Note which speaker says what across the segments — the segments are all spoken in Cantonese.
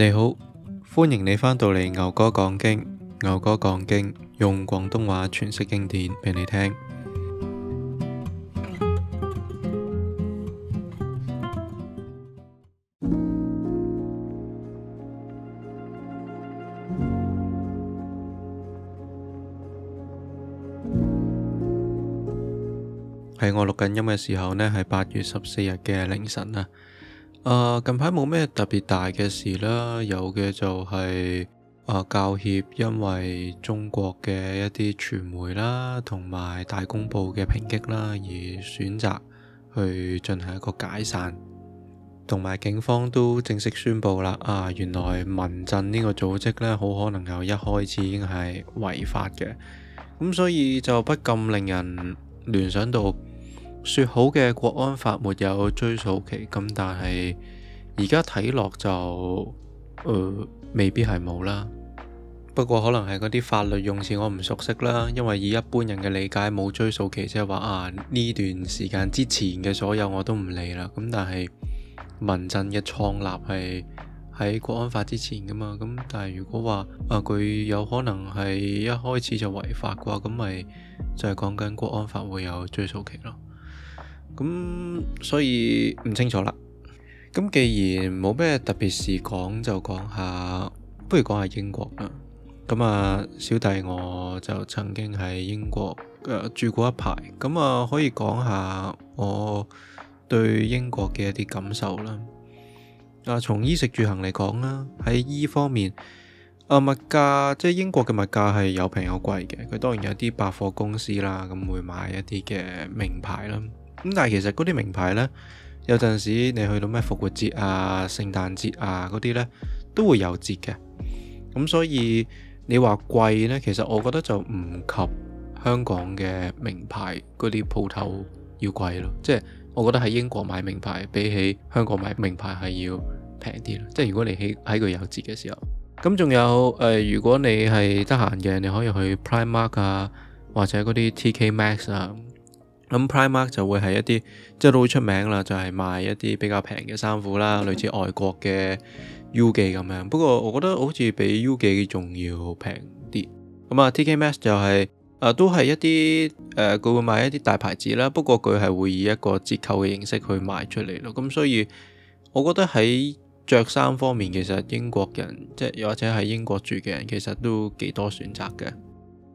Speaker 1: 你好，歡迎你返到嚟牛哥講經。牛哥講經，用廣東話詮釋經典俾你聽。喺我錄緊音嘅時候呢，係八月十四日嘅凌晨啊。啊，近排冇咩特別大嘅事啦，有嘅就係啊教協，因為中國嘅一啲傳媒啦，同埋大公報嘅抨擊啦，而選擇去進行一個解散，同埋警方都正式宣佈啦，啊原來民陣呢個組織呢，好可能由一開始已經係違法嘅，咁所以就不禁令人聯想到。說好嘅國安法沒有追溯期，咁但係而家睇落就、呃，未必係冇啦。不過可能係嗰啲法律用詞我唔熟悉啦。因為以一般人嘅理解，冇追溯期即係話啊呢段時間之前嘅所有我都唔理啦。咁但係民陣嘅創立係喺國安法之前㗎嘛？咁但係如果話啊佢有可能係一開始就違法嘅話，咁咪就係講緊國安法會有追溯期咯。咁所以唔清楚啦。咁既然冇咩特別事講，就講下，不如講下英國啦。咁啊，小弟我就曾經喺英國誒、呃、住過一排，咁啊可以講下我對英國嘅一啲感受啦。啊，從衣食住行嚟講啦，喺衣方面啊，物價即係英國嘅物價係有平有貴嘅。佢當然有啲百貨公司啦，咁會買一啲嘅名牌啦。咁但係其實嗰啲名牌呢，有陣時你去到咩復活節啊、聖誕節啊嗰啲呢，都會有折嘅。咁所以你話貴呢，其實我覺得就唔及香港嘅名牌嗰啲鋪頭要貴咯。即係我覺得喺英國買名牌，比起香港買名牌係要平啲咯。即係如果你喺喺佢有折嘅時候，咁仲有誒、呃，如果你係得閒嘅，你可以去 Primark 啊，或者嗰啲 TK Max 啊。咁、嗯、Primark 就會係一啲即係都好出名啦，就係、是、賣一啲比較平嘅衫褲啦，類似外國嘅 U 記咁樣。不過我覺得好似比 U 記仲要平啲。咁、嗯、啊，TK Max 就係、是、啊都係一啲誒，佢、呃、會賣一啲大牌子啦，不過佢係會以一個折扣嘅形式去賣出嚟咯。咁、嗯、所以我覺得喺着衫方面，其實英國人即係又或者喺英國住嘅人，其實都幾多選擇嘅。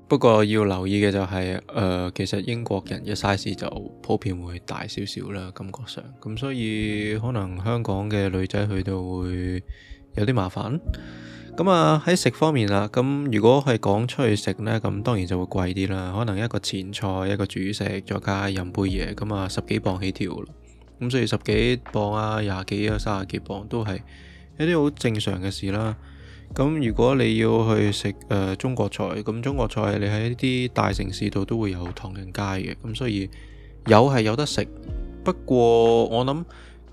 Speaker 1: 不過要留意嘅就係、是，誒、呃，其實英國人嘅 size 就普遍會大少少啦，感覺上，咁所以可能香港嘅女仔去到會有啲麻煩。咁啊喺食方面啦，咁如果係講出去食呢，咁當然就會貴啲啦。可能一個前菜，一個主食，再加飲杯嘢，咁啊十幾磅起跳。咁所以十幾磅啊，廿幾啊，三十幾磅都係一啲好正常嘅事啦。咁如果你要去食誒中國菜，咁中國菜你喺一啲大城市度都會有唐人街嘅，咁所以有係有得食。不過我諗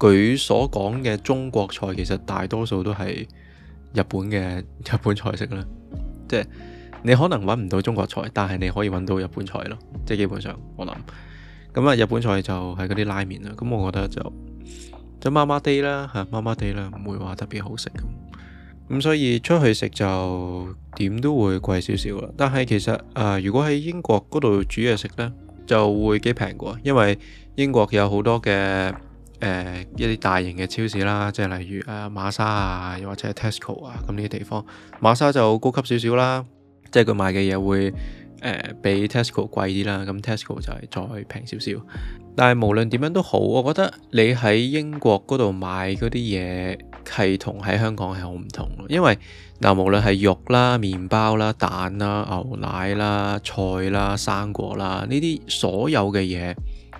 Speaker 1: 佢所講嘅中國菜，其實大多數都係日本嘅日本菜式啦。即係你可能揾唔到中國菜，但係你可以揾到日本菜咯。即係基本上我諗，咁啊日本菜就係嗰啲拉麵啦。咁我覺得就就麻麻地啦嚇，麻麻地啦，唔會話特別好食咁。咁所以出去食就點都會貴少少啦。但係其實啊，如果喺英國嗰度煮嘢食呢，就會幾平啩。因為英國有好多嘅誒一啲大型嘅超市啦，即係例如啊馬莎啊，又或者 Tesco 啊咁呢啲地方。馬莎就高級少少啦，即係佢賣嘅嘢會誒比 Tesco 貴啲啦。咁 Tesco 就係再平少少。但係無論點樣都好，我覺得你喺英國嗰度買嗰啲嘢，係同喺香港係好唔同咯，因為嗱無論係肉啦、麵包啦、蛋啦、牛奶啦、菜啦、生果啦，呢啲所有嘅嘢，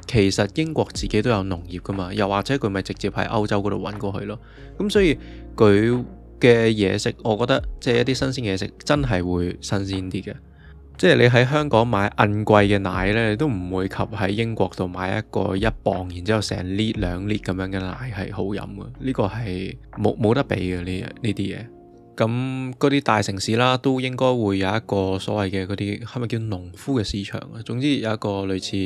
Speaker 1: 其實英國自己都有農業㗎嘛，又或者佢咪直接喺歐洲嗰度揾過去咯，咁所以佢嘅嘢食，我覺得即係一啲新鮮嘢食，真係會新鮮啲嘅。即係你喺香港買硬貴嘅奶呢，都唔會及喺英國度買一個一磅，然之後成 lift 兩 lift 咁樣嘅奶係好飲嘅。呢、這個係冇冇得比嘅呢呢啲嘢。咁嗰啲大城市啦，都應該會有一個所謂嘅嗰啲係咪叫農夫嘅市場啊？總之有一個類似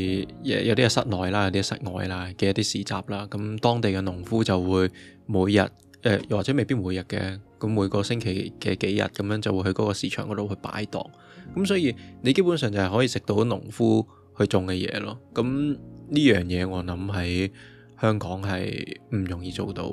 Speaker 1: 有啲係室內啦，有啲室，室外啦嘅一啲市集啦。咁當地嘅農夫就會每日誒、呃，又或者未必每日嘅咁每個星期嘅幾日咁樣就會去嗰個市場嗰度去擺檔。咁所以你基本上就係可以食到農夫去種嘅嘢咯，咁呢樣嘢我諗喺香港係唔容易做到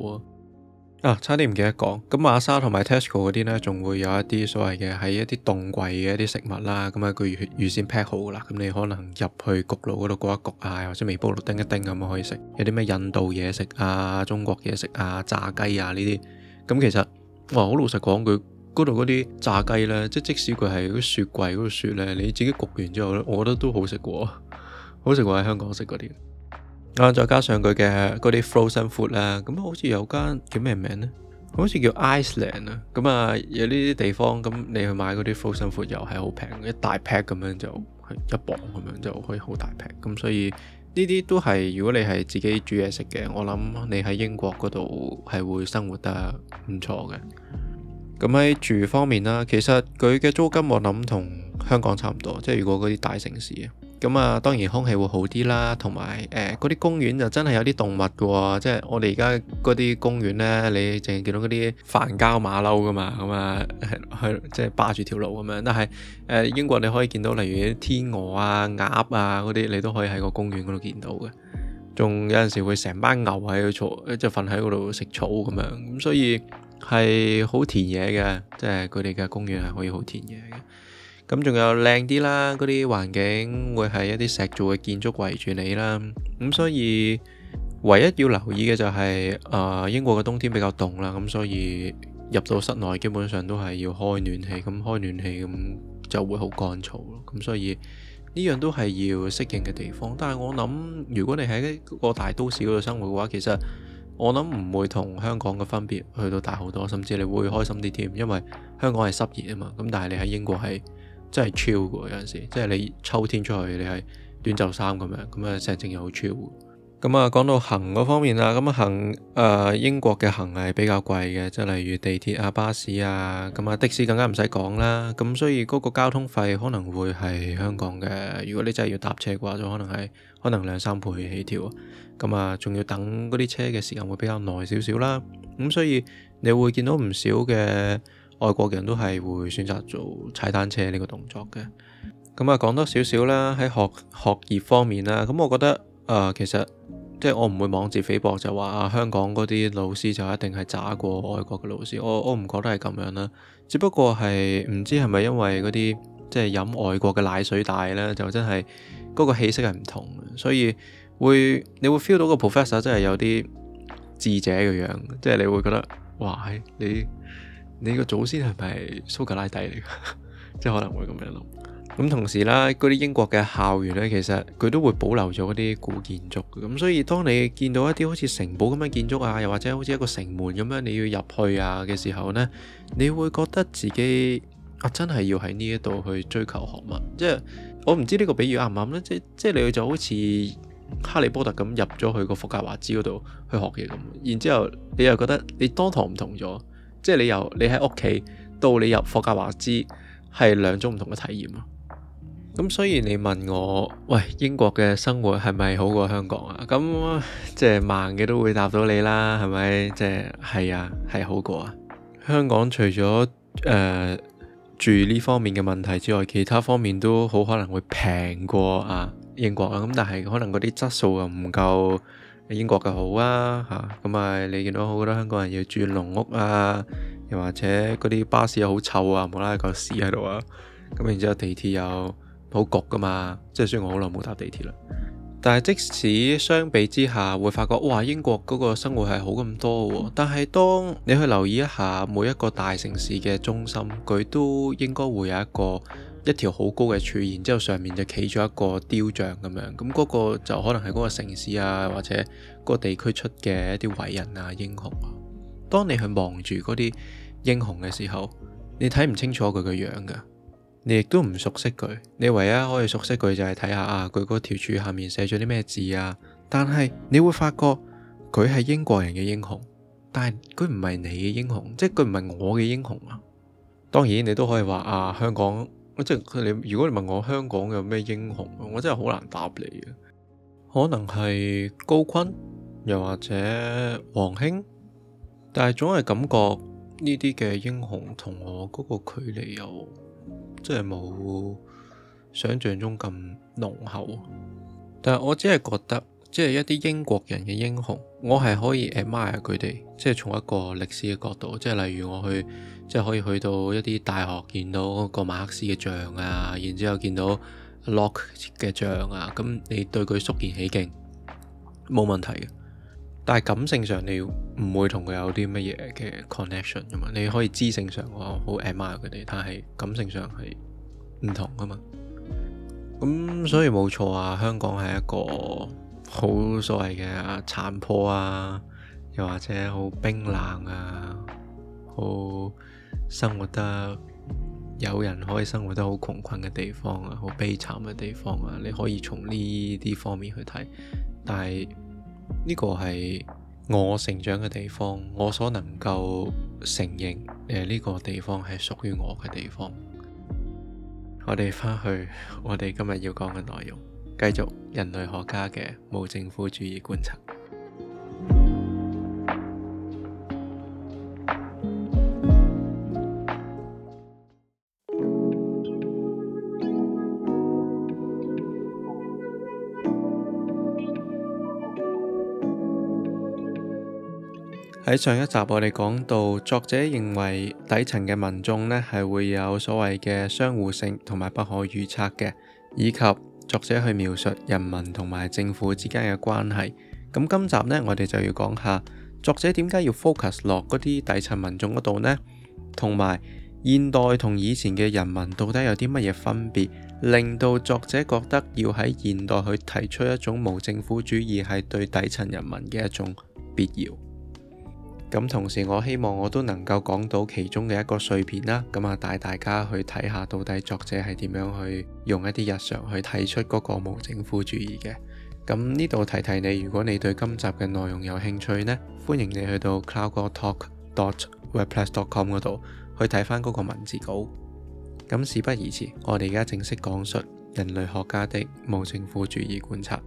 Speaker 1: 啊！差啲唔記得講，咁馬莎同埋 Tesco 嗰啲呢，仲會有一啲所謂嘅喺一啲凍櫃嘅一啲食物啦，咁啊佢預預先 pack 好噶啦，咁你可能入去焗爐嗰度焗一焗啊，或者微波爐叮一叮咁可以食，有啲咩印度嘢食啊、中國嘢食啊、炸雞啊呢啲，咁其實我好老實講句。嗰度嗰啲炸雞呢，即即使佢係嗰雪櫃嗰度雪呢，你自己焗完之後呢，我覺得都好食過，好食過喺香港食嗰啲。啊，再加上佢嘅嗰啲 Frozen Food 啦，咁好似有間叫咩名呢？好似叫 Iceland 啊。咁啊，有呢啲地方咁，你去買嗰啲 Frozen Food 又係好平，一大劈咁樣就係一磅咁樣就可以好大劈。咁所以呢啲都係如果你係自己煮嘢食嘅，我諗你喺英國嗰度係會生活得唔錯嘅。咁喺住方面啦，其實佢嘅租金我諗同香港差唔多，即係如果嗰啲大城市啊，咁啊當然空氣會好啲啦，同埋誒嗰啲公園就真係有啲動物嘅喎，即係我哋而家嗰啲公園呢，你淨係見到嗰啲繁交馬騮噶嘛，咁啊係即係霸住條路咁樣，但係誒英國你可以見到例如啲天鵝啊、鴨啊嗰啲，你都可以喺個公園嗰度見到嘅，仲有陣時會成班牛喺度坐，即係瞓喺嗰度食草咁樣，咁所以。係好田野嘅，即係佢哋嘅公園係可以好田野嘅。咁仲有靚啲啦，嗰啲環境會係一啲石造嘅建築圍住你啦。咁所以唯一要留意嘅就係，啊英國嘅冬天比較凍啦。咁所以入到室內基本上都係要開暖氣，咁開暖氣咁就會好乾燥咯。咁所以呢樣都係要適應嘅地方。但係我諗，如果你喺嗰個大都市嗰度生活嘅話，其實...我諗唔會同香港嘅分別去到大好多，甚至你會開心啲添，因為香港係濕熱啊嘛，咁但係你喺英國係真係超 h 有陣時，即係你秋天出去你係短袖衫咁樣，咁啊成整又好超 h。咁啊，講到行嗰方面啦，咁啊，行誒，英國嘅行係比較貴嘅，即係例如地鐵啊、巴士啊，咁啊，的士更加唔使講啦。咁所以嗰個交通費可能會係香港嘅，如果你真係要搭車嘅話，就可能係可能兩三倍起跳。咁啊，仲要等嗰啲車嘅時間會比較耐少少啦。咁所以你會見到唔少嘅外國嘅人都係會選擇做踩單車呢個動作嘅。咁啊，講多少少啦，喺學學業方面啦，咁我覺得誒，其實。即係我唔會妄自菲薄，就話啊香港嗰啲老師就一定係渣過外國嘅老師，我我唔覺得係咁樣啦，只不過係唔知係咪因為嗰啲即係飲外國嘅奶水大呢，就真係嗰個氣息係唔同，所以會你會 feel 到個 professor 真係有啲智者嘅樣，即係你會覺得哇，你你個祖先係咪蘇格拉底嚟㗎？ 即係可能會咁樣咯。咁同時咧，嗰啲英國嘅校園咧，其實佢都會保留咗嗰啲古建築。咁所以，當你見到一啲好似城堡咁嘅建築啊，又或者好似一個城門咁樣你要入去啊嘅時候呢，你會覺得自己啊真係要喺呢一度去追求學問。即係我唔知呢個比喻啱唔啱呢？即即係你就好似哈利波特咁入咗去個霍格華茲嗰度去學嘢咁。然之後你又覺得你當堂唔同咗，即係你由你喺屋企到你入霍格華茲係兩種唔同嘅體驗咯。咁所以你問我，喂，英國嘅生活係咪好過香港啊？咁即係盲嘅都會答到你啦，係咪？即係係啊，係好過啊。香港除咗誒、呃、住呢方面嘅問題之外，其他方面都好可能會平過啊英國啦。咁但係可能嗰啲質素又唔夠英國嘅好啊。吓，咁啊，你見到好多香港人要住農屋啊，又或者嗰啲巴士又好臭啊，無啦啦有個屎喺度啊。咁然之後地鐵又，好焗㗎嘛，即係雖然我好耐冇搭地鐵啦，但係即使相比之下，會發覺哇，英國嗰個生活係好咁多喎、啊。但係當你去留意一下每一個大城市嘅中心，佢都應該會有一個一條好高嘅柱，然之後上面就企咗一個雕像咁樣。咁嗰個就可能係嗰個城市啊或者嗰個地區出嘅一啲偉人啊英雄啊。當你去望住嗰啲英雄嘅時候，你睇唔清楚佢嘅樣㗎。你亦都唔熟悉佢，你唯一可以熟悉佢就係睇下啊，佢嗰條柱下面寫咗啲咩字啊。但係你會發覺佢係英國人嘅英雄，但係佢唔係你嘅英雄，即係佢唔係我嘅英雄啊。當然你都可以話啊，香港，即係佢。如果你問我香港有咩英雄，我真係好難答你嘅。可能係高錕，又或者黃興，但係總係感覺呢啲嘅英雄同我嗰個距離又。即係冇想象中咁濃厚，啊，但係我只係覺得，即係一啲英國人嘅英雄，我係可以 admire 佢哋，即係從一個歷史嘅角度，即係例如我去，即係可以去到一啲大學見到個馬克思嘅像啊，然之後見到 Locke 嘅像啊，咁你對佢肅然起敬冇問題嘅，但係感性上你要。唔會同佢有啲乜嘢嘅 connection 噶嘛？你可以知性上嘅話好 admire 佢哋，但係感性上係唔同噶嘛。咁所以冇錯啊，香港係一個好所謂嘅殘破啊，又或者好冰冷啊，好生活得有人可以生活得好窮困嘅地方啊，好悲慘嘅地方啊，你可以從呢啲方面去睇，但係呢個係。我成長嘅地方，我所能夠承認誒呢個地方係屬於我嘅地方。我哋返去，我哋今日要講嘅內容，繼續人類學家嘅無政府主義觀察。喺上一集，我哋講到作者認為底層嘅民眾呢係會有所謂嘅相互性同埋不可預測嘅，以及作者去描述人民同埋政府之間嘅關係。咁今集呢，我哋就要講下作者點解要 focus 落嗰啲底層民眾嗰度呢？同埋現代同以前嘅人民到底有啲乜嘢分別，令到作者覺得要喺現代去提出一種無政府主義係對底層人民嘅一種必要。咁同時，我希望我都能夠講到其中嘅一個碎片啦，咁啊帶大家去睇下到底作者係點樣去用一啲日常去睇出嗰個無政府主義嘅。咁呢度提提你，如果你對今集嘅內容有興趣呢，歡迎你去到 cowgortalk.wordpress.com 度去睇翻嗰個文字稿。咁事不宜遲，我哋而家正式講述人類學家的無政府主義觀察。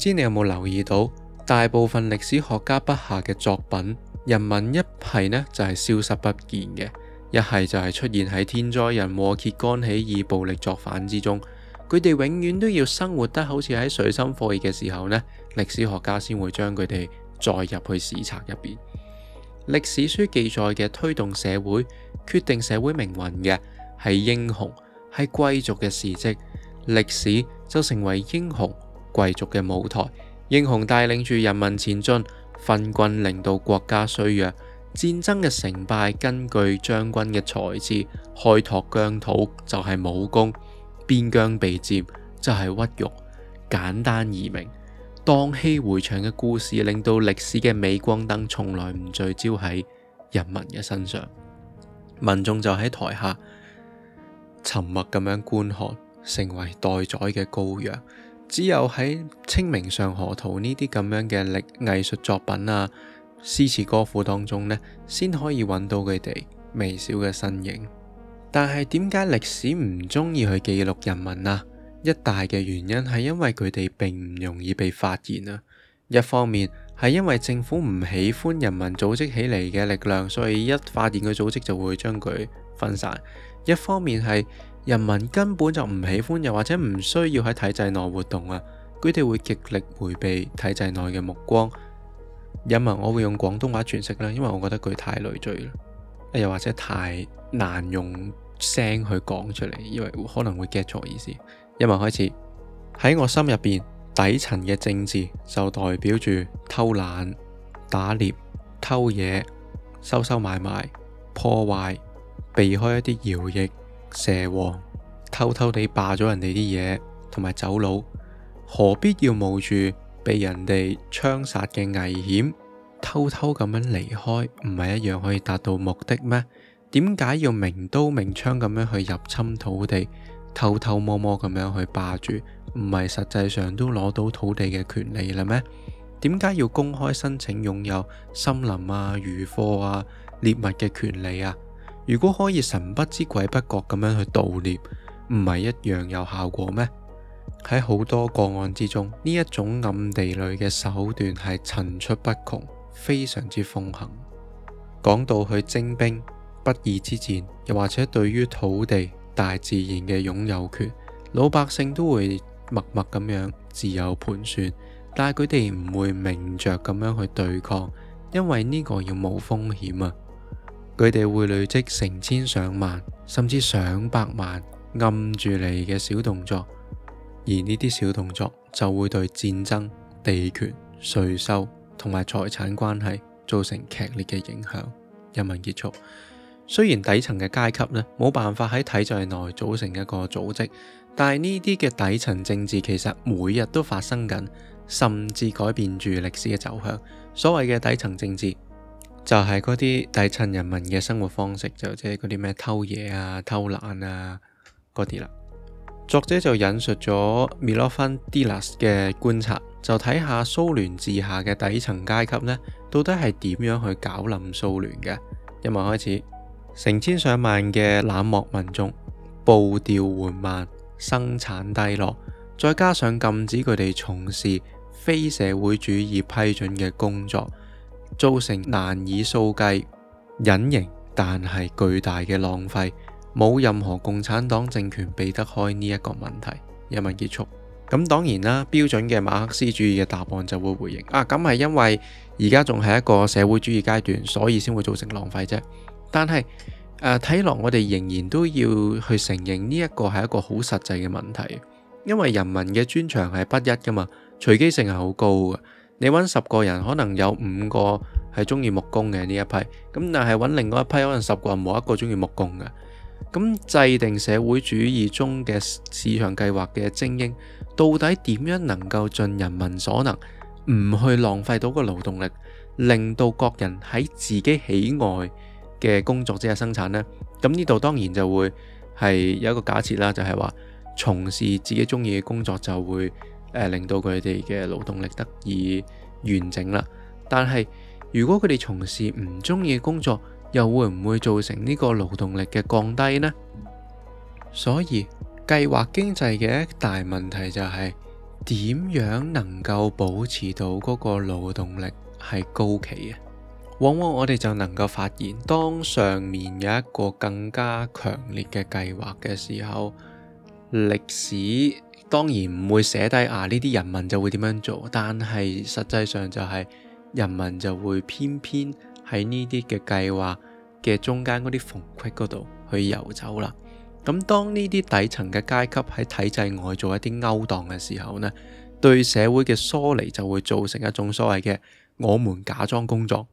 Speaker 1: 唔知你有冇留意到，大部分歷史學家筆下嘅作品，人民一係呢就係、是、消失不見嘅，一係就係出現喺天災人禍、揭竿起義、暴力作反之中。佢哋永遠都要生活得好似喺水深火熱嘅時候呢，歷史學家先會將佢哋載入去史冊入邊。歷史書記載嘅推動社會、決定社會命運嘅係英雄、係貴族嘅事跡，歷史就成為英雄貴族嘅舞台，英雄帶領住人民前進，昏君令到國家衰弱，戰爭嘅成敗根據將軍嘅才智，開拓疆土就係武功，邊疆被佔就係屈辱。簡單而明，蕩氣迴腸嘅故事令到歷史嘅鎂光燈從來唔聚焦喺人民嘅身上，民眾就喺台下沉默咁樣觀看，成為待宰嘅羔羊。只有喺《清明上河圖》呢啲咁樣嘅歷藝術作品啊、詩詞歌賦當中呢，先可以揾到佢哋微小嘅身影。但係點解歷史唔中意去記錄人民啊？一大嘅原因係因為佢哋並唔容易被發現啊。一方面係因為政府唔喜歡人民組織起嚟嘅力量，所以一發現個組織就會將佢分散。一方面係。人民根本就唔喜歡，又或者唔需要喺體制內活動啊！佢哋會極力回避體制內嘅目光。因為我會用廣東話詮釋啦，因為我覺得佢太累贅啦，又或者太難用聲去講出嚟，因為可能會 get 錯意思。因為開始喺我心入邊，底層嘅政治就代表住偷懶、打獵、偷嘢、收收埋埋、破壞、避開一啲徭役。蛇王偷偷地霸咗人哋啲嘢，同埋走佬，何必要冒住被人哋槍殺嘅危險，偷偷咁樣離開，唔係一樣可以達到目的咩？點解要明刀明槍咁樣去入侵土地，偷偷摸摸咁樣去霸住，唔係實際上都攞到土地嘅權利嘞咩？點解要公開申請擁有森林啊、漁貨啊、獵物嘅權利啊？如果可以神不知鬼不覺咁樣去盜獵，唔係一樣有效果咩？喺好多個案之中，呢一種暗地裏嘅手段係層出不窮，非常之風行。講到去徵兵、不義之戰，又或者對於土地、大自然嘅擁有權，老百姓都會默默咁樣自有盤算，但係佢哋唔會明着咁樣去對抗，因為呢個要冇風險啊。佢哋會累積成千上萬，甚至上百萬暗住你嘅小動作，而呢啲小動作就會對戰爭、地權、稅收同埋財產關係造成劇烈嘅影響。人民結束，雖然底層嘅階級咧冇辦法喺體制內組成一個組織，但係呢啲嘅底層政治其實每日都發生緊，甚至改變住歷史嘅走向。所謂嘅底層政治，就係嗰啲底層人民嘅生活方式，就即係嗰啲咩偷嘢啊、偷懶啊嗰啲啦。作者就引述咗米洛芬迪拉斯嘅觀察，就睇下蘇聯治下嘅底層階級呢，到底係點樣去搞冧蘇聯嘅。一萬開始，成千上萬嘅冷漠民眾，步調緩慢，生產低落，再加上禁止佢哋從事非社會主義批准嘅工作。造成難以數計、隱形但係巨大嘅浪費，冇任何共產黨政權避得開呢一個問題。一問結束，咁當然啦，標準嘅馬克思主義嘅答案就會回應啊，咁係因為而家仲係一個社會主義階段，所以先會造成浪費啫。但係睇落，呃、我哋仍然都要去承認呢一個係一個好實際嘅問題，因為人民嘅專長係不一噶嘛，隨機性係好高嘅。你揾十個人，可能有五個係中意木工嘅呢一批，咁但係揾另外一批，可能十個人冇一個中意木工嘅。咁制定社會主義中嘅市場計劃嘅精英，到底點樣能夠盡人民所能，唔去浪費到個勞動力，令到各人喺自己喜愛嘅工作之下生產呢？咁呢度當然就會係有一個假設啦，就係話從事自己中意嘅工作就會。令到佢哋嘅勞動力得以完整啦，但係如果佢哋從事唔中意嘅工作，又會唔會造成呢個勞動力嘅降低呢？所以計劃經濟嘅一大問題就係點樣能夠保持到嗰個勞動力係高企啊？往往我哋就能夠發現，當上面有一個更加強烈嘅計劃嘅時候，歷史。當然唔會寫低啊！呢啲人民就會點樣做？但係實際上就係人民就會偏偏喺呢啲嘅計劃嘅中間嗰啲縫隙嗰度去遊走啦。咁、嗯、當呢啲底層嘅階級喺體制外做一啲勾當嘅時候呢，對社會嘅疏離就會造成一種所謂嘅我們假裝工作，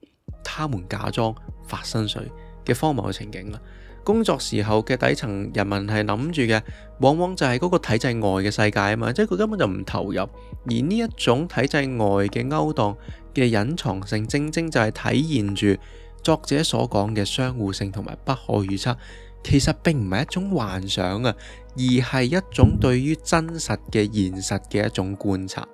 Speaker 1: 他們假裝發薪水嘅荒謬嘅情景啦，工作時候嘅底層人民係諗住嘅，往往就係嗰個體制外嘅世界啊嘛，即係佢根本就唔投入，而呢一種體制外嘅勾當嘅隱藏性，正正就係體現住作者所講嘅相互性同埋不可預測，其實並唔係一種幻想啊，而係一種對於真實嘅現實嘅一種觀察。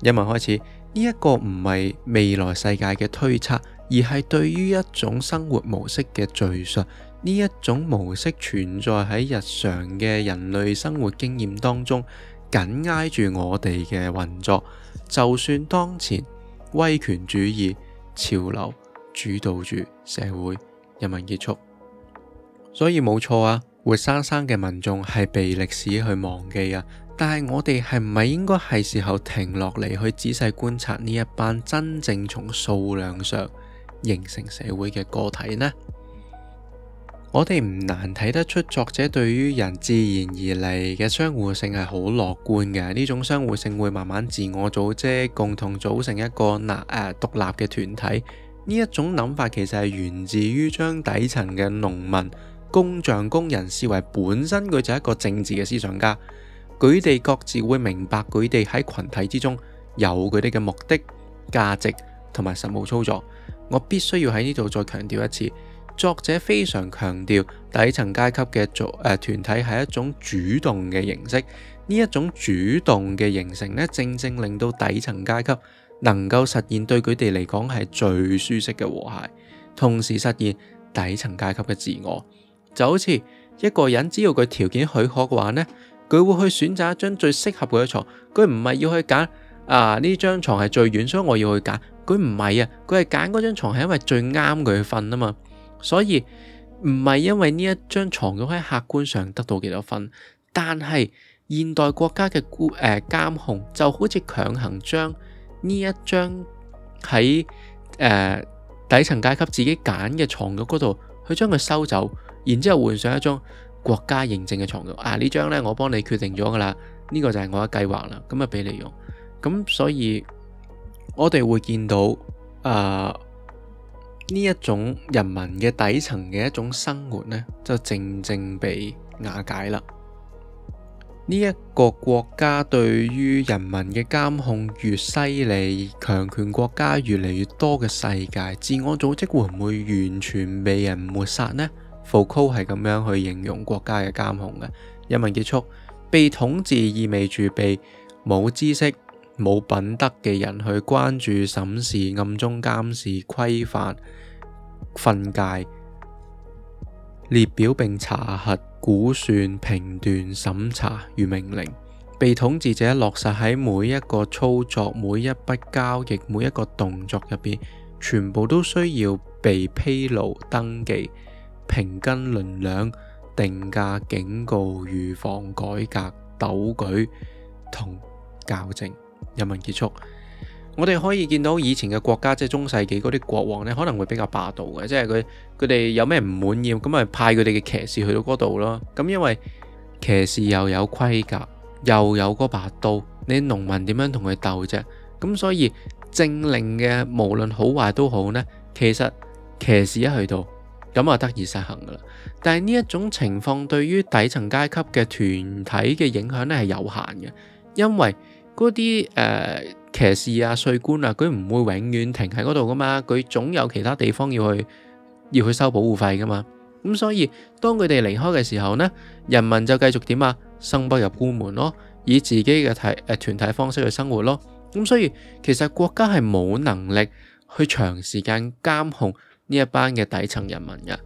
Speaker 1: 一文開始，呢一個唔係未來世界嘅推測。而係對於一種生活模式嘅敘述，呢一種模式存在喺日常嘅人類生活經驗當中，緊挨住我哋嘅運作。就算當前威權主義潮流主導住社會，人民結束，所以冇錯啊，活生生嘅民眾係被歷史去忘記啊。但係我哋係唔係應該係時候停落嚟去仔細觀察呢一班真正從數量上？形成社會嘅個體呢？我哋唔難睇得出，作者對於人自然而嚟嘅相互性係好樂觀嘅。呢種相互性會慢慢自我組織，共同組成一個立誒、呃、獨立嘅團體。呢一種諗法其實係源自於將底層嘅農民、工匠、工人視為本身佢就係一個政治嘅思想家，佢哋各自會明白佢哋喺群體之中有佢哋嘅目的、價值同埋實務操作。我必須要喺呢度再強調一次，作者非常強調底層階級嘅做誒團體係一種主動嘅形式。呢一種主動嘅形成呢，正正令到底層階級能夠實現對佢哋嚟講係最舒適嘅和諧，同時實現底層階級嘅自我。就好似一個人，只要佢條件許可嘅話呢，佢會去選擇一張最適合佢嘅床，佢唔係要去揀啊呢張床係最軟，所以我要去揀。佢唔係啊，佢係揀嗰張床係因為最啱佢去瞓啊嘛，所以唔係因為呢一張床褥喺客觀上得到幾多分，但係現代國家嘅估誒監控就好似強行將呢一張喺誒底層階級自己揀嘅床褥嗰度，去將佢收走，然之後換上一張國家認證嘅床褥啊，呢張呢，我幫你決定咗噶啦，呢、呢個就係我嘅計劃啦，咁啊俾你用，咁所以。我哋會見到，誒呢一種人民嘅底層嘅一種生活呢，就正正被瓦解啦。呢、這、一個國家對於人民嘅監控越犀利，強權國家越嚟越多嘅世界，自我組織會唔會完全被人抹殺呢？Foucault 係咁樣去形容國家嘅監控嘅。新文結束，被統治意味住被冇知識。冇品德嘅人去關注、審視、暗中監視、規範、訓誡、列表、並查核、估算、評斷、審查與命令，被統治者落實喺每一個操作、每一筆交易、每一個動作入邊，全部都需要被披露、登記、評斤論兩、定價、警告、預防、改革、鬥舉同校正。人民結束，我哋可以見到以前嘅國家，即係中世紀嗰啲國王咧，可能會比較霸道嘅，即係佢佢哋有咩唔滿意咁咪派佢哋嘅騎士去到嗰度咯。咁因為騎士又有盔甲，又有嗰把刀，你農民點樣同佢鬥啫？咁所以政令嘅無論好壞都好呢，其實騎士一去到，咁啊得以實行噶啦。但係呢一種情況對於底層階級嘅團體嘅影響咧係有限嘅，因為。嗰啲誒騎士啊、稅官啊，佢唔會永遠停喺嗰度噶嘛，佢總有其他地方要去，要去收保護費噶嘛。咁所以當佢哋離開嘅時候呢，人民就繼續點啊，生不入官門咯，以自己嘅體誒、呃、團體方式去生活咯。咁所以其實國家係冇能力去長時間監控呢一班嘅底層人民嘅，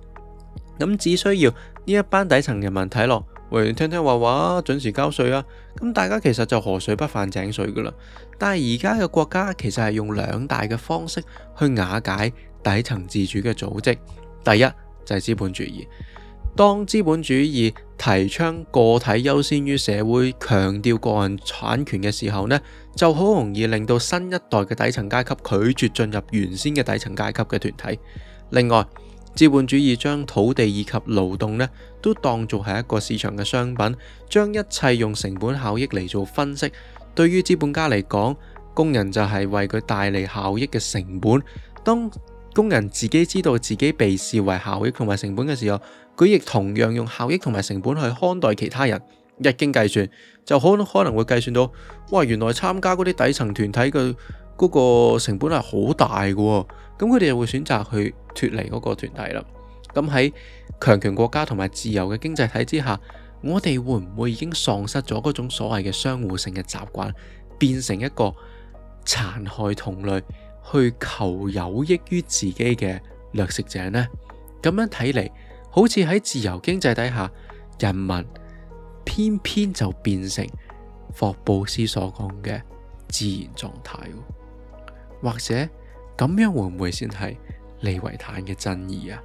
Speaker 1: 咁只需要呢一班底層人民睇落，喂，聽聽話話，準時交稅啊！咁大家其實就河水不犯井水噶啦。但係而家嘅國家其實係用兩大嘅方式去瓦解底層自主嘅組織。第一就係資本主義。當資本主義提倡個體優先於社會，強調個人產權嘅時候呢，就好容易令到新一代嘅底層階級拒絕進入原先嘅底層階級嘅團體。另外資本主義將土地以及勞動呢都當做係一個市場嘅商品，將一切用成本效益嚟做分析。對於資本家嚟講，工人就係為佢帶嚟效益嘅成本。當工人自己知道自己被視為效益同埋成本嘅時候，佢亦同樣用效益同埋成本去看待其他人。一經計算就好可能會計算到，哇！原來參加嗰啲底層團體嘅，嗰個成本係好大嘅喎，咁佢哋就會選擇去脫離嗰個團體啦。咁喺強權國家同埋自由嘅經濟體之下，我哋會唔會已經喪失咗嗰種所謂嘅相互性嘅習慣，變成一個殘害同類去求有益於自己嘅掠食者呢？咁樣睇嚟，好似喺自由經濟底下，人民偏偏就變成霍布斯所講嘅自然狀態。或者咁樣會唔會先係利維坦嘅真義啊？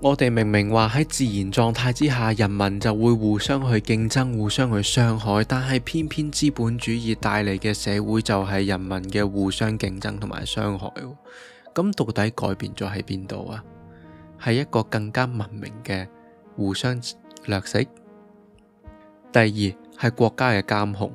Speaker 1: 我哋明明話喺自然狀態之下，人民就會互相去競爭、互相去傷害，但係偏偏資本主義帶嚟嘅社會就係人民嘅互相競爭同埋傷害。咁到底改變咗喺邊度啊？係一個更加文明嘅互相掠食。第二係國家嘅監控，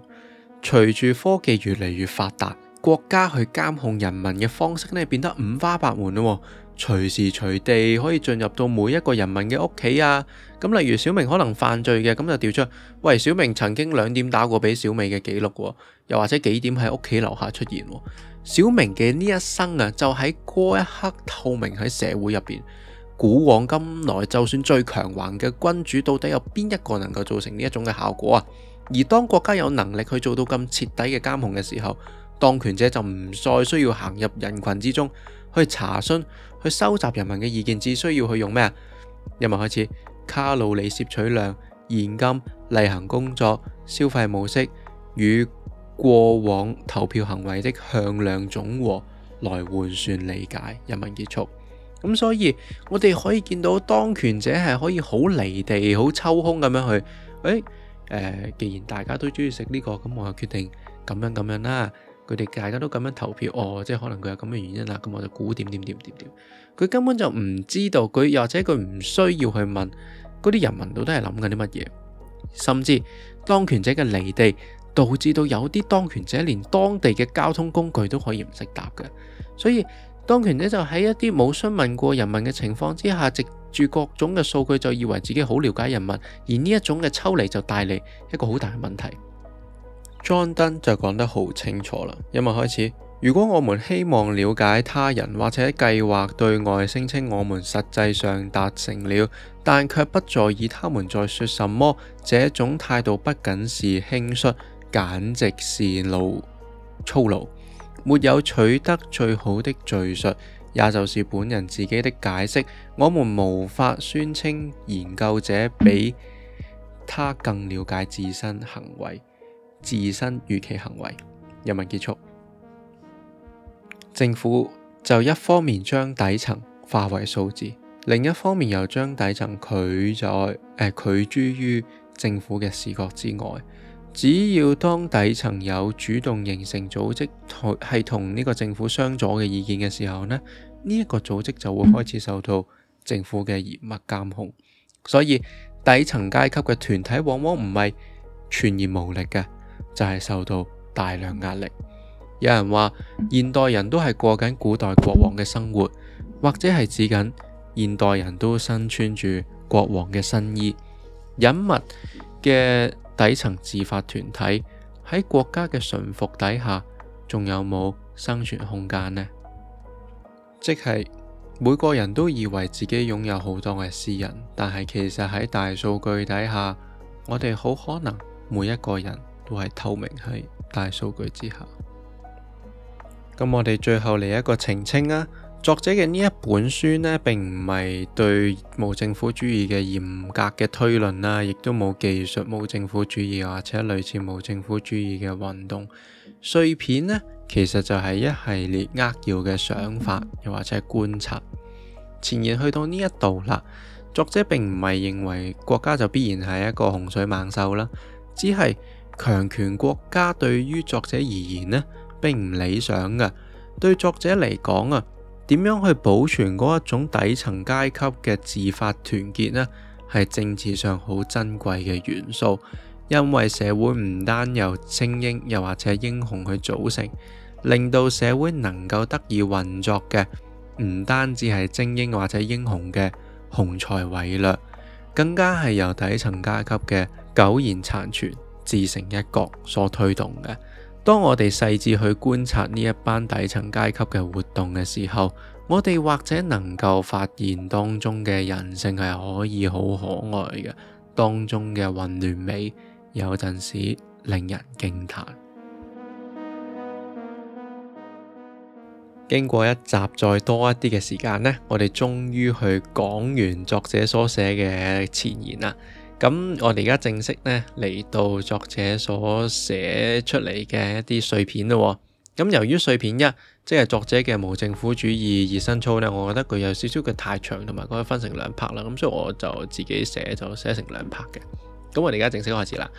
Speaker 1: 隨住科技越嚟越發達。國家去監控人民嘅方式呢，變得五花八門咯、哦。隨時隨地可以進入到每一個人民嘅屋企啊。咁例如小明可能犯罪嘅，咁就調出喂小明曾經兩點打過俾小美嘅記錄，又或者幾點喺屋企樓下出現、哦。小明嘅呢一生啊，就喺嗰一刻透明喺社會入邊。古往今來，就算最強橫嘅君主，到底有邊一個能夠造成呢一種嘅效果啊？而當國家有能力去做到咁徹底嘅監控嘅時候，當權者就唔再需要行入人群之中去查詢、去收集人民嘅意見，只需要去用咩啊？人民開始，卡路里攝取量、現金、例行工作、消費模式與過往投票行為的向量總和來換算理解。人民結束，咁所以我哋可以見到當權者係可以好離地、好抽空咁樣去，誒、哎，誒、呃，既然大家都中意食呢個，咁我就決定咁樣咁樣啦。佢哋大家都咁樣投票，哦，即係可能佢有咁嘅原因啦，咁我就估點點點點點。佢根本就唔知道，佢又或者佢唔需要去問嗰啲人民到底係諗緊啲乜嘢，甚至當權者嘅離地，導致到有啲當權者連當地嘅交通工具都可以唔識搭嘅。所以當權者就喺一啲冇詢問過人民嘅情況之下，藉住各種嘅數據就以為自己好了解人民，而呢一種嘅抽離就帶嚟一個好大嘅問題。John Dunn 就講得好清楚啦。因為開始，如果我們希望了解他人，或者計劃對外聲稱我們實際上達成了，但卻不在意他們在說什麼，這種態度不僅是輕率，簡直是勞，粗魯。沒有取得最好的敘述，也就是本人自己的解釋，我們無法宣稱研究者比他更了解自身行為。自身與其行為，人民結束政府就一方面將底層化為數字，另一方面又將底層拒在誒拒諸於政府嘅視角之外。只要當底層有主動形成組織，同係同呢個政府相左嘅意見嘅時候呢，呢一個組織就會開始受到政府嘅嚴密監控。所以底層階級嘅團體往往唔係全然無力嘅。就係受到大量壓力，有人話現代人都係過緊古代國王嘅生活，或者係指緊現代人都身穿住國王嘅新衣。隱密嘅底層自發團體喺國家嘅馴服底下，仲有冇生存空間呢？即係每個人都以為自己擁有好多嘅私人，但係其實喺大數據底下，我哋好可能每一個人。都係透明喺大數據之下。咁我哋最後嚟一個澄清啦。作者嘅呢一本書呢，並唔係對無政府主義嘅嚴格嘅推論啦，亦都冇技術無政府主義或者類似無政府主義嘅運動碎片呢，其實就係一系列扼要嘅想法，又或者係觀察。前言去到呢一度啦，作者並唔係認為國家就必然係一個洪水猛獸啦，只係。強權國家對於作者而言呢，並唔理想嘅。對作者嚟講啊，點樣去保存嗰一種底層階級嘅自發團結呢？係政治上好珍貴嘅元素，因為社會唔單由精英又或者英雄去組成，令到社會能夠得以運作嘅，唔單止係精英或者英雄嘅雄才偉略，更加係由底層階級嘅苟延殘存。自成一角所推動嘅。當我哋細緻去觀察呢一班底層階級嘅活動嘅時候，我哋或者能夠發現當中嘅人性係可以好可愛嘅，當中嘅混亂美有陣時令人驚歎。經過一集再多一啲嘅時間呢，我哋終於去講完作者所寫嘅前言啦。咁我哋而家正式呢，嚟到作者所寫出嚟嘅一啲碎片咯哦。咁由於碎片一即係作者嘅無政府主義熱身操呢，我覺得佢有少少嘅太長，同埋可以分成兩拍啦。咁所以我就自己寫就寫成兩拍嘅。咁我哋而家正式開始啦。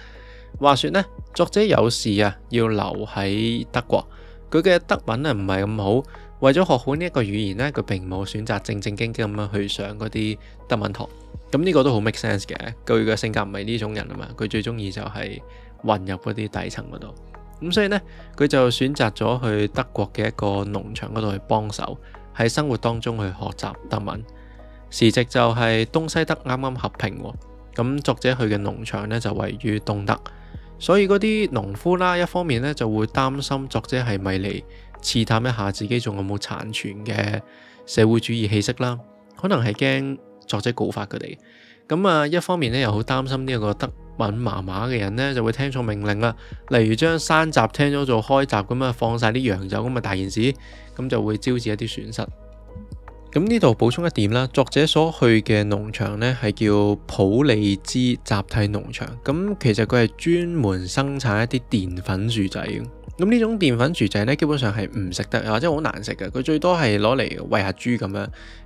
Speaker 1: 話說呢，作者有事啊，要留喺德國。佢嘅德文呢，唔係咁好，為咗學好呢一個語言呢，佢並冇選擇正正經經咁樣去上嗰啲德文堂。咁呢個都好 make sense 嘅，佢嘅性格唔係呢種人啊嘛，佢最中意就係混入嗰啲底層嗰度，咁所以呢，佢就選擇咗去德國嘅一個農場嗰度去幫手，喺生活當中去學習德文。時值就係東西德啱啱合併，咁作者去嘅農場呢，就位於東德，所以嗰啲農夫啦，一方面呢就會擔心作者係咪嚟刺探一下自己仲有冇殘存嘅社會主義氣息啦，可能係驚作者告發佢哋，咁啊一方面呢又好擔心呢個德文麻麻嘅人呢就會聽錯命令啦，例如將山閘聽咗做開閘咁啊，放晒啲洋酒咁啊，大件事，咁就會招致一啲損失。咁呢度補充一點啦，作者所去嘅農場呢係叫普利茲集體農場，咁其實佢係專門生產一啲澱粉薯仔。咁呢種澱粉薯仔咧，基本上係唔食得，又或者好難食嘅。佢最多係攞嚟餵下豬咁樣。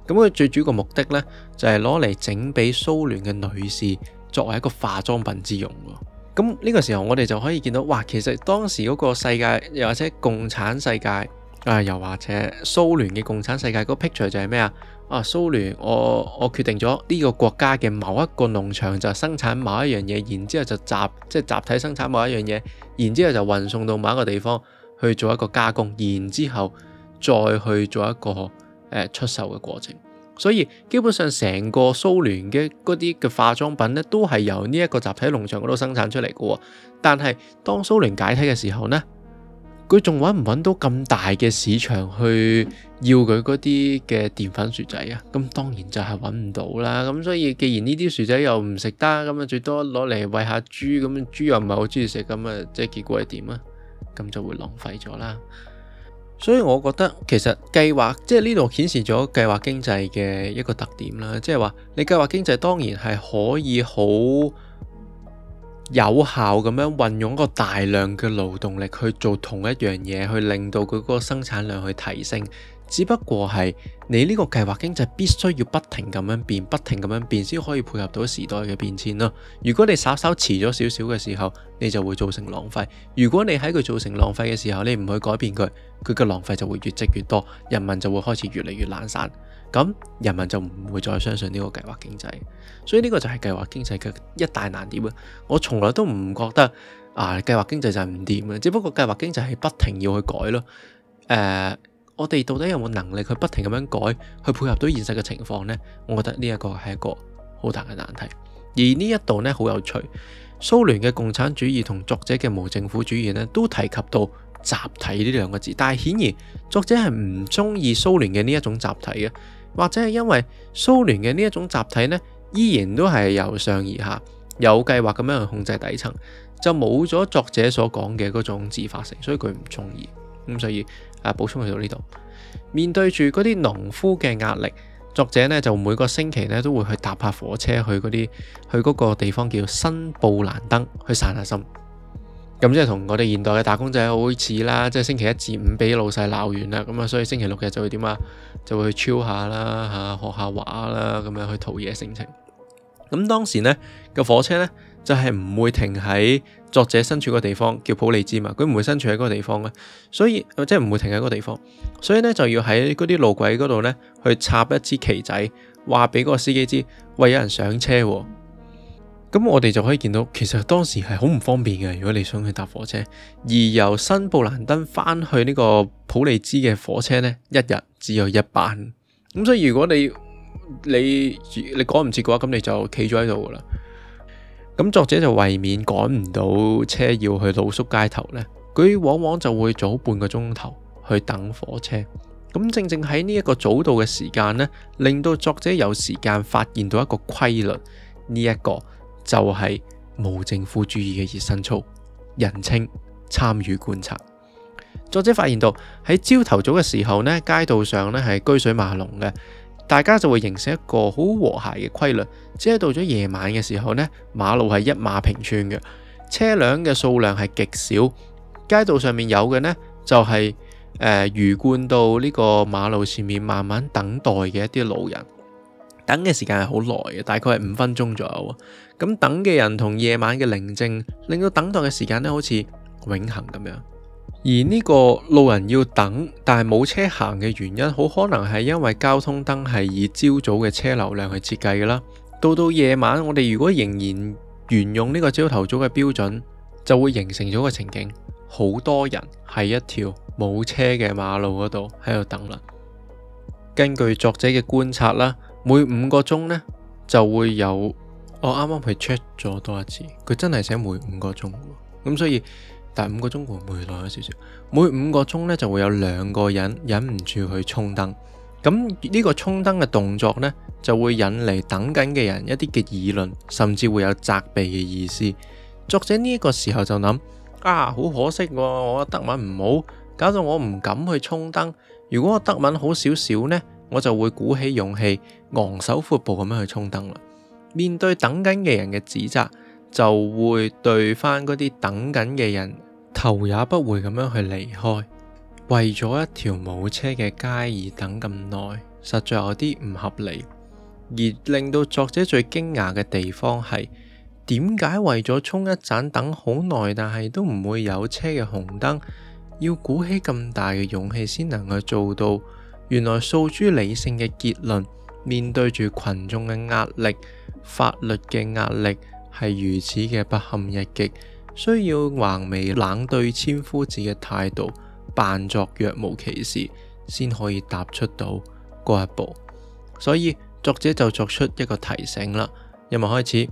Speaker 1: 咁佢最主要個目的咧，就係攞嚟整俾蘇聯嘅女士作為一個化妝品之用喎。咁呢個時候，我哋就可以見到，哇！其實當時嗰個世界，又或者共產世界，啊、呃，又或者蘇聯嘅共產世界，嗰個 picture 就係咩啊？啊，蘇聯，我我決定咗呢個國家嘅某一個農場就生產某一樣嘢，然之後就集即係、就是、集體生產某一樣嘢，然之後就運送到某一個地方去做一個加工，然之後再去做一個、呃、出售嘅過程。所以基本上成個蘇聯嘅嗰啲嘅化妝品咧，都係由呢一個集體農場嗰度生產出嚟嘅喎。但係當蘇聯解體嘅時候呢。佢仲揾唔揾到咁大嘅市場去要佢嗰啲嘅澱粉薯仔啊？咁當然就係揾唔到啦。咁所以既然呢啲薯仔又唔食得，咁啊最多攞嚟餵下豬，咁豬又唔係好鍾意食，咁啊即係結果係點啊？咁就會浪費咗啦。所以我覺得其實計劃即係呢度顯示咗計劃經濟嘅一個特點啦，即係話你計劃經濟當然係可以好。有效咁樣運用個大量嘅勞動力去做同一樣嘢，去令到佢嗰個生產量去提升。只不過係你呢個計劃經濟必須要不停咁樣變，不停咁樣變先可以配合到時代嘅變遷囉。如果你稍稍遲咗少少嘅時候，你就會造成浪費。如果你喺佢造成浪費嘅時候，你唔去改變佢，佢嘅浪費就會越積越多，人民就會開始越嚟越懶散。咁人民就唔會再相信呢個計劃經濟，所以呢個就係計劃經濟嘅一大難點啊！我從來都唔覺得啊計劃經濟就係唔掂嘅，只不過計劃經濟係不停要去改咯。誒、呃，我哋到底有冇能力去不停咁樣改，去配合到現實嘅情況呢？我覺得呢一個係一個好大嘅難題。而呢一度呢，好有趣，蘇聯嘅共產主義同作者嘅無政府主義呢，都提及到集體呢兩個字，但係顯然作者係唔中意蘇聯嘅呢一種集體嘅。或者係因為蘇聯嘅呢一種集體呢，依然都係由上而下有計劃咁樣去控制底層，就冇咗作者所講嘅嗰種自發性，所以佢唔中意。咁所以啊，補充去到呢度，面對住嗰啲農夫嘅壓力，作者呢就每個星期呢都會去搭下火車去嗰啲去嗰個地方叫新布蘭登去散下心。咁即係同我哋現代嘅打工仔好似啦，即係星期一至五俾老細鬧完啦，咁啊，所以星期六日就會點啊，就會去超下啦，嚇學下畫啦，咁樣去陶冶性情。咁當時呢個火車呢，就係唔會停喺作者身處個地方，叫普利茲嘛，佢唔會身處喺嗰個地方嘅，所以即係唔會停喺嗰個地方，所以呢，就要喺嗰啲路軌嗰度呢，去插一支旗仔，話俾嗰個司機知，喂，有人上車喎。咁我哋就可以見到，其實當時係好唔方便嘅。如果你想去搭火車，而由新布蘭登翻去呢個普利茲嘅火車呢，一日只有一班。咁所以如果你你你趕唔切嘅話，咁你就企咗喺度啦。咁作者就為免趕唔到車要去露宿街頭呢，佢往往就會早半個鐘頭去等火車。咁正正喺呢一個早到嘅時間呢，令到作者有時間發現到一個規律。呢、這、一個。就係無政府主義嘅熱身操，人稱參與觀察。作者發現到喺朝頭早嘅時候咧，街道上咧係車水馬龍嘅，大家就會形成一個好和諧嘅規律。只係到咗夜晚嘅時候咧，馬路係一馬平川嘅，車輛嘅數量係極少，街道上面有嘅呢，就係誒魚貫到呢個馬路前面慢慢等待嘅一啲老人。等嘅時間係好耐嘅，大概係五分鐘左右。咁等嘅人同夜晚嘅寧靜，令到等待嘅時間咧好似永恆咁樣。而呢個路人要等但係冇車行嘅原因，好可能係因為交通燈係以朝早嘅車流量去設計㗎啦。到到夜晚，我哋如果仍然沿用呢個朝頭早嘅標準，就會形成咗一個情景：好多人喺一條冇車嘅馬路嗰度喺度等啦。根據作者嘅觀察啦。每五個鐘呢，就會有，我啱啱去 check 咗多一次，佢真係寫每五個鐘，咁所以第五個鐘會唔會耐咗少少。每五個鐘呢，就會有兩個人忍唔住去衝燈，咁呢個衝燈嘅動作呢，就會引嚟等緊嘅人一啲嘅議論，甚至會有責備嘅意思。作者呢個時候就諗啊，好可惜啊，我德文唔好，搞到我唔敢去衝燈。如果我德文好少少呢，我就會鼓起勇氣，昂首闊步咁樣去衝燈啦。面對等緊嘅人嘅指責，就會對翻嗰啲等緊嘅人頭也不回咁樣去離開。為咗一條冇車嘅街而等咁耐，實在有啲唔合理。而令到作者最驚訝嘅地方係，點解為咗衝一盞等好耐但係都唔會有車嘅紅燈，要鼓起咁大嘅勇氣先能夠做到？原來訴諸理性嘅結論，面對住群眾嘅壓力、法律嘅壓力，係如此嘅不堪一擊，需要橫眉冷對千夫指嘅態度，扮作若無其事，先可以踏出到嗰一步。所以作者就作出一個提醒啦。因為開始，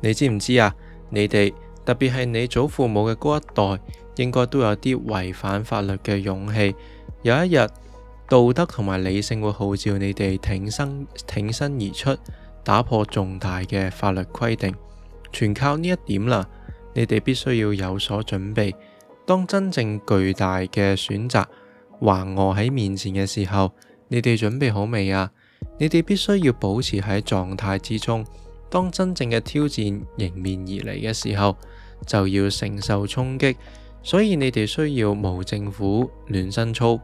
Speaker 1: 你知唔知啊？你哋特別係你祖父母嘅嗰一代，應該都有啲違反法律嘅勇氣。有一日。道德同埋理性會號召你哋挺身挺身而出，打破重大嘅法律規定，全靠呢一點啦。你哋必須要有所準備。當真正巨大嘅選擇橫卧喺面前嘅時候，你哋準備好未啊？你哋必須要保持喺狀態之中。當真正嘅挑戰迎面而嚟嘅時候，就要承受衝擊。所以你哋需要無政府暖身操。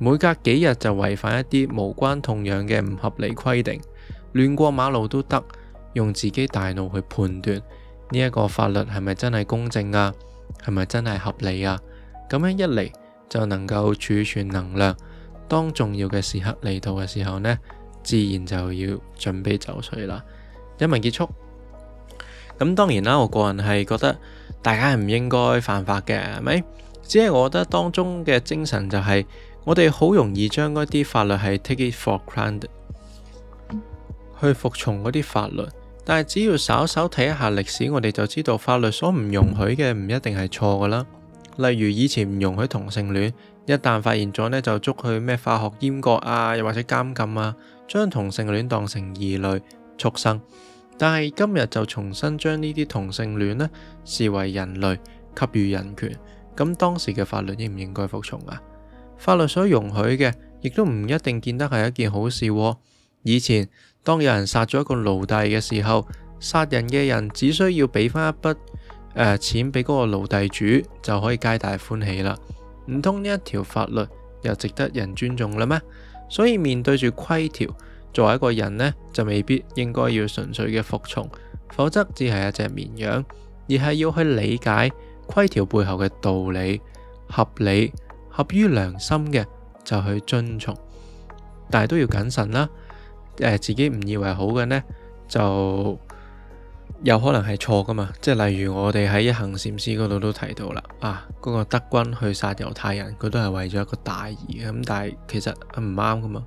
Speaker 1: 每隔幾日就違反一啲無關痛癢嘅唔合理規定，亂過馬路都得，用自己大腦去判斷呢一個法律係咪真係公正啊？係咪真係合理啊？咁樣一嚟就能夠儲存能量，當重要嘅時刻嚟到嘅時候呢，自然就要準備走水啦。一文結束。咁，當然啦，我個人係覺得大家係唔應該犯法嘅，係咪？只係我覺得當中嘅精神就係、是。我哋好容易將嗰啲法律係 take it for granted，去服從嗰啲法律，但係只要稍稍睇一下歷史，我哋就知道法律所唔容許嘅唔一定係錯噶啦。例如以前唔容許同性戀，一旦發現咗呢，就捉去咩化學閹割啊，又或者監禁啊，將同性戀當成異類畜生。但係今日就重新將呢啲同性戀呢視為人類，給予人權。咁當時嘅法律應唔應該服從啊？法律所容許嘅，亦都唔一定見得係一件好事喎。以前當有人殺咗一個奴隸嘅時候，殺人嘅人只需要俾翻一筆誒、呃、錢俾嗰個奴隸主，就可以皆大歡喜啦。唔通呢一條法律又值得人尊重啦咩？所以面對住規條，作為一個人呢，就未必應該要純粹嘅服從，否則只係一隻綿羊，而係要去理解規條背後嘅道理、合理。合於良心嘅就去遵從，但係都要謹慎啦。誒、呃，自己唔以為好嘅呢，就有可能係錯㗎嘛。即係例如我哋喺一行禪師嗰度都提到啦，啊，嗰、那個德軍去殺猶太人，佢都係為咗一個大義嘅，咁但係其實唔啱㗎嘛。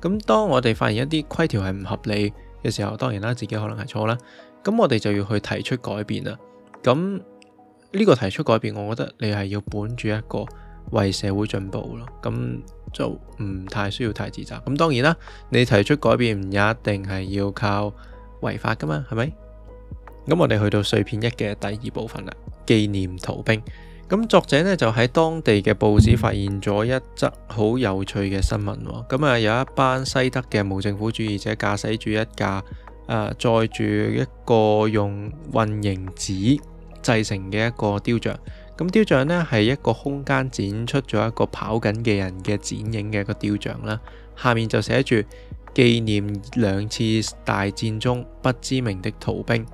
Speaker 1: 咁當我哋發現一啲規條係唔合理嘅時候，當然啦，自己可能係錯啦。咁我哋就要去提出改變啦。咁呢個提出改變，我覺得你係要本住一個。為社會進步咯，咁就唔太需要太自責。咁當然啦，你提出改變唔一定係要靠違法噶嘛，係咪？咁我哋去到碎片一嘅第二部分啦，紀念逃兵。咁作者呢，就喺當地嘅報紙發現咗一則好有趣嘅新聞。咁啊，有一班西德嘅無政府主義者駕駛住一架誒、呃，載住一個用混凝紙製成嘅一個雕像。咁雕像咧，係一個空間展出咗一個跑緊嘅人嘅剪影嘅一個雕像啦，下面就寫住紀念兩次大戰中不知名的逃兵，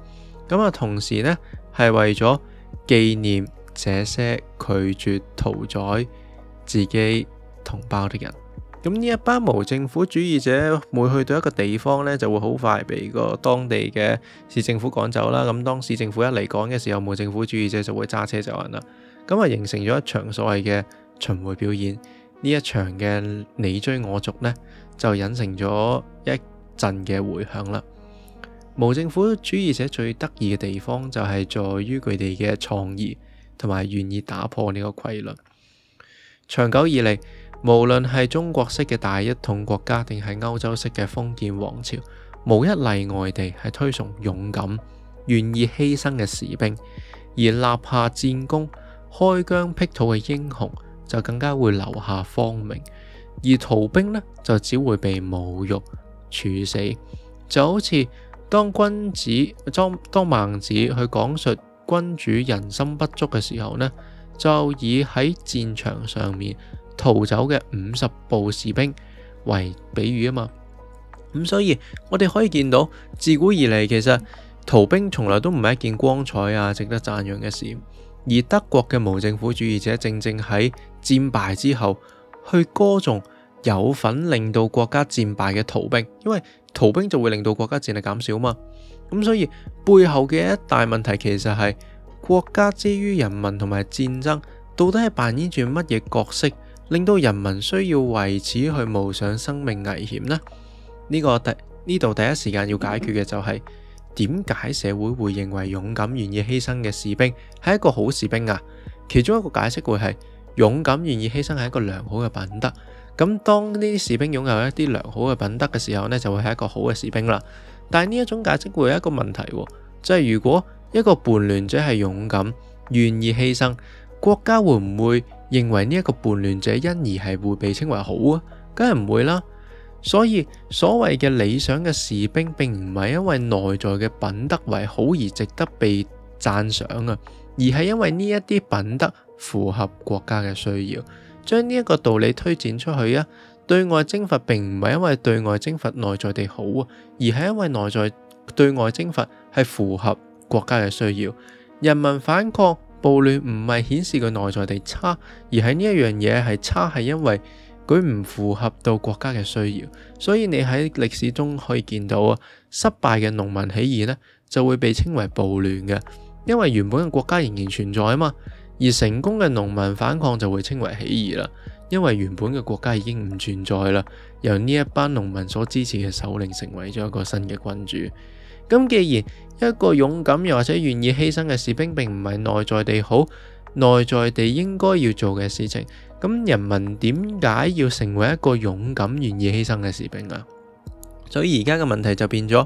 Speaker 1: 咁啊，同時咧，係為咗紀念這些拒絕屠宰自己同胞的人。咁呢一班無政府主義者每去到一個地方呢，就會好快被個當地嘅市政府趕走啦。咁當市政府一嚟趕嘅時候，無政府主義者就會揸車走人啦。咁啊，形成咗一場所謂嘅巡迴表演。呢一場嘅你追我逐呢，就引成咗一陣嘅迴響啦。無政府主義者最得意嘅地方就係在於佢哋嘅創意同埋願意打破呢個規律。長久以嚟，無論係中國式嘅大一統國家，定係歐洲式嘅封建王朝，無一例外地係推崇勇敢、願意犧牲嘅士兵，而立下戰功、開疆闢土嘅英雄就更加會留下芳名，而逃兵呢就只會被侮辱、處死。就好似當君子當、當孟子去講述君主人心不足嘅時候呢，就以喺戰場上面，逃走嘅五十步士兵為比喻啊嘛，咁、嗯、所以我哋可以見到自古以嚟，其實逃兵從來都唔係一件光彩啊、值得讚揚嘅事。而德國嘅無政府主義者正正喺戰敗之後去歌頌有份令到國家戰敗嘅逃兵，因為逃兵就會令到國家戰力減少啊嘛。咁、嗯、所以背後嘅一大問題，其實係國家之於人民同埋戰爭，到底係扮演住乜嘢角色？令到人民需要為此去冒上生命危險咧？呢個第呢度第一時間要解決嘅就係點解社會會認為勇敢願意犧牲嘅士兵係一個好士兵啊？其中一個解釋會係勇敢願意犧牲係一個良好嘅品德。咁當呢啲士兵擁有一啲良好嘅品德嘅時候呢，就會係一個好嘅士兵啦。但係呢一種解釋會有一個問題，即係如果一個叛亂者係勇敢願意犧牲，國家會唔會？認為呢一個叛亂者因而係會被稱為好啊？梗係唔會啦。所以所謂嘅理想嘅士兵，並唔係因為內在嘅品德為好而值得被讚賞啊，而係因為呢一啲品德符合國家嘅需要。將呢一個道理推展出去啊，對外征伐並唔係因為對外征伐內在地好啊，而係因為內在對外征伐係符合國家嘅需要。人民反抗、暴亂唔係顯示佢內在地差，而係呢一樣嘢係差，係因為佢唔符合到國家嘅需要。所以你喺歷史中可以見到啊，失敗嘅農民起義呢，就會被稱為暴亂嘅，因為原本嘅國家仍然存在啊嘛。而成功嘅農民反抗就會稱為起義啦，因為原本嘅國家已經唔存在啦，由呢一班農民所支持嘅首領成為咗一個新嘅君主。咁既然一個勇敢又或者願意犧牲嘅士兵，並唔係內在地好，內在地應該要做嘅事情。咁人民點解要成為一個勇敢願意犧牲嘅士兵啊？所以而家嘅問題就變咗，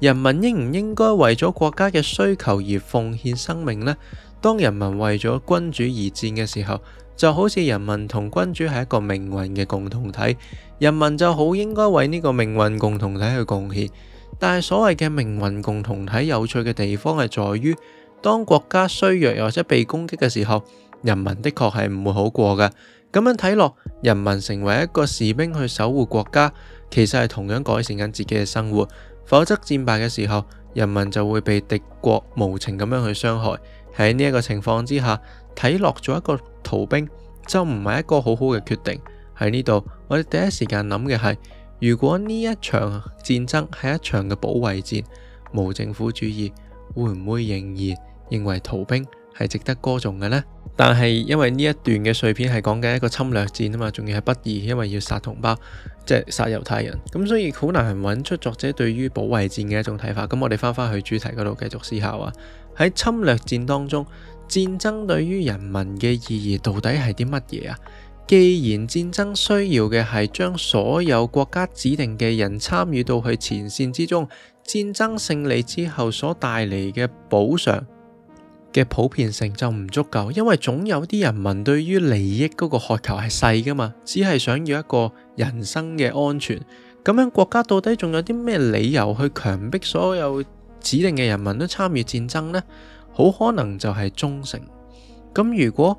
Speaker 1: 人民應唔應該為咗國家嘅需求而奉獻生命呢？當人民為咗君主而戰嘅時候，就好似人民同君主係一個命運嘅共同體，人民就好應該為呢個命運共同體去貢獻。但係所謂嘅命運共同體有趣嘅地方係在於，當國家衰弱又或者被攻擊嘅時候，人民的確係唔會好過㗎。咁樣睇落，人民成為一個士兵去守護國家，其實係同樣改善緊自己嘅生活。否則戰敗嘅時候，人民就會被敵國無情咁樣去傷害。喺呢一個情況之下，睇落做一個逃兵就唔係一個好好嘅決定。喺呢度，我哋第一時間諗嘅係。如果呢一場戰爭係一場嘅保衛戰，無政府主義會唔會仍然認為逃兵係值得歌頌嘅呢？但係因為呢一段嘅碎片係講緊一個侵略戰啊嘛，仲要係不義，因為要殺同胞，即係殺猶太人，咁所以好難揾出作者對於保衛戰嘅一種睇法。咁我哋翻返去主題嗰度繼續思考啊。喺侵略戰當中，戰爭對於人民嘅意義到底係啲乜嘢啊？既然戰爭需要嘅係將所有國家指定嘅人參與到去前線之中，戰爭勝利之後所帶嚟嘅補償嘅普遍性就唔足夠，因為總有啲人民對於利益嗰個渴求係細噶嘛，只係想要一個人生嘅安全。咁樣國家到底仲有啲咩理由去強迫所有指定嘅人民都參與戰爭呢？好可能就係忠誠。咁如果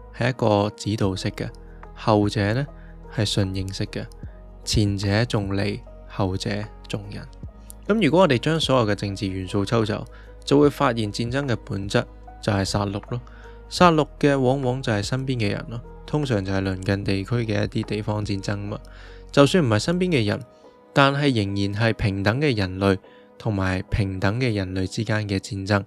Speaker 1: 係一個指導式嘅，後者呢係順應式嘅，前者重利，後者重人。咁如果我哋將所有嘅政治元素抽走，就會發現戰爭嘅本質就係殺戮咯。殺戮嘅往往就係身邊嘅人咯，通常就係鄰近地區嘅一啲地方戰爭嘛。就算唔係身邊嘅人，但係仍然係平等嘅人類同埋平等嘅人類之間嘅戰爭。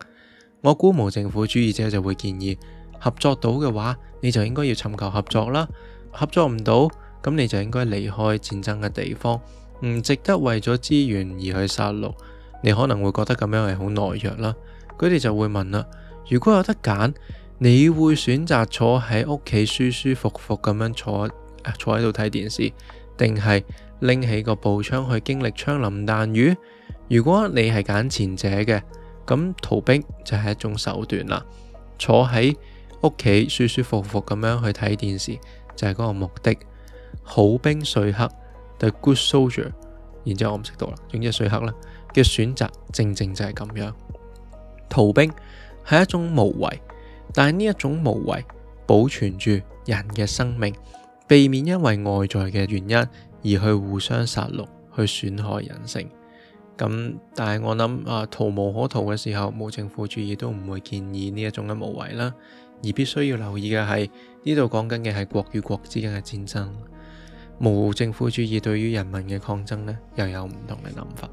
Speaker 1: 我估無政府主義者就會建議，合作到嘅話，你就應該要尋求合作啦。合作唔到，咁你就應該離開戰爭嘅地方，唔值得為咗資源而去殺戮。你可能會覺得咁樣係好懦弱啦。佢哋就會問啦：如果有得揀，你會選擇坐喺屋企舒舒服服咁樣坐坐喺度睇電視，定係拎起個步槍去經歷槍林彈雨？如果你係揀前者嘅，咁逃兵就係一種手段啦。坐喺～屋企舒舒服服咁樣去睇電視，就係嗰個目的。好兵碎黑，The Good Soldier，然之後我唔識讀啦，總之碎黑啦嘅選擇正正就係咁樣。逃兵係一種無為，但係呢一種無為保存住人嘅生命，避免因為外在嘅原因而去互相殺戮，去損害人性。咁但係我諗啊，逃無可逃嘅時候，冇政府主義都唔會建議呢一種嘅無為啦。而必須要留意嘅係，呢度講緊嘅係國與國之間嘅戰爭，無政府主義對於人民嘅抗爭呢，又有唔同嘅諗法。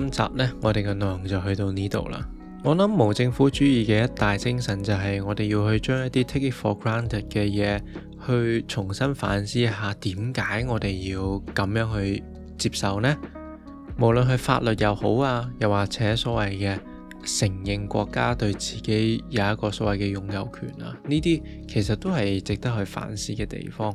Speaker 1: 今集呢，我哋嘅內容就去到呢度啦。我諗無政府主義嘅一大精神就係我哋要去將一啲 take it for granted 嘅嘢去重新反思一下，點解我哋要咁樣去接受呢？無論係法律又好啊，又或者所謂嘅承認國家對自己有一個所謂嘅擁有權啊，呢啲其實都係值得去反思嘅地方。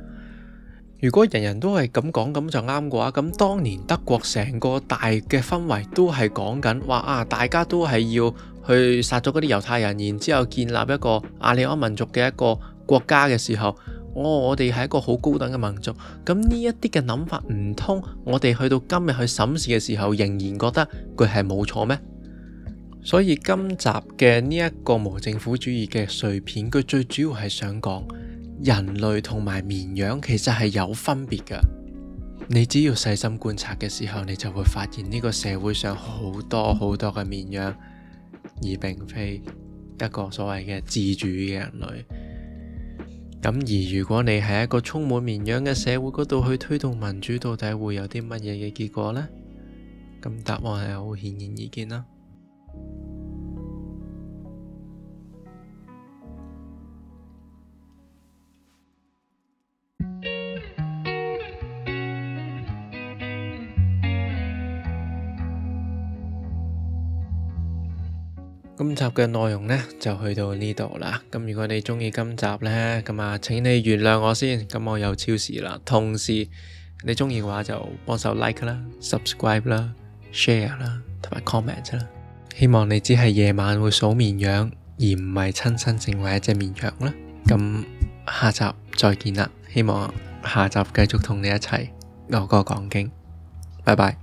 Speaker 1: 如果人人都係咁講咁就啱嘅話，咁當年德國成個大嘅氛圍都係講緊，話啊大家都係要去殺咗嗰啲猶太人，然之後建立一個亞利安民族嘅一個國家嘅時候，哦，我我哋係一個好高等嘅民族，咁呢一啲嘅諗法唔通，我哋去到今日去審視嘅時候，仍然覺得佢係冇錯咩？所以今集嘅呢一個無政府主義嘅碎片，佢最主要係想講。人類同埋綿羊其實係有分別㗎，你只要細心觀察嘅時候，你就會發現呢個社會上好多好多嘅綿羊，而並非一個所謂嘅自主嘅人類。咁而如果你喺一個充滿綿羊嘅社會嗰度去推動民主，到底會有啲乜嘢嘅結果呢？咁答案係好顯而易見啦。今集嘅內容呢，就去到呢度啦。咁如果你鍾意今集呢，咁啊請你原諒我先。咁我有超時啦。同時你鍾意嘅話就幫手 like 啦、subscribe 啦、share 啦同埋 comment 啦。希望你只係夜晚會數綿羊，而唔係親身成為一隻綿羊啦。咁下集再見啦。希望下集繼續同你一齊牛哥講經。拜拜。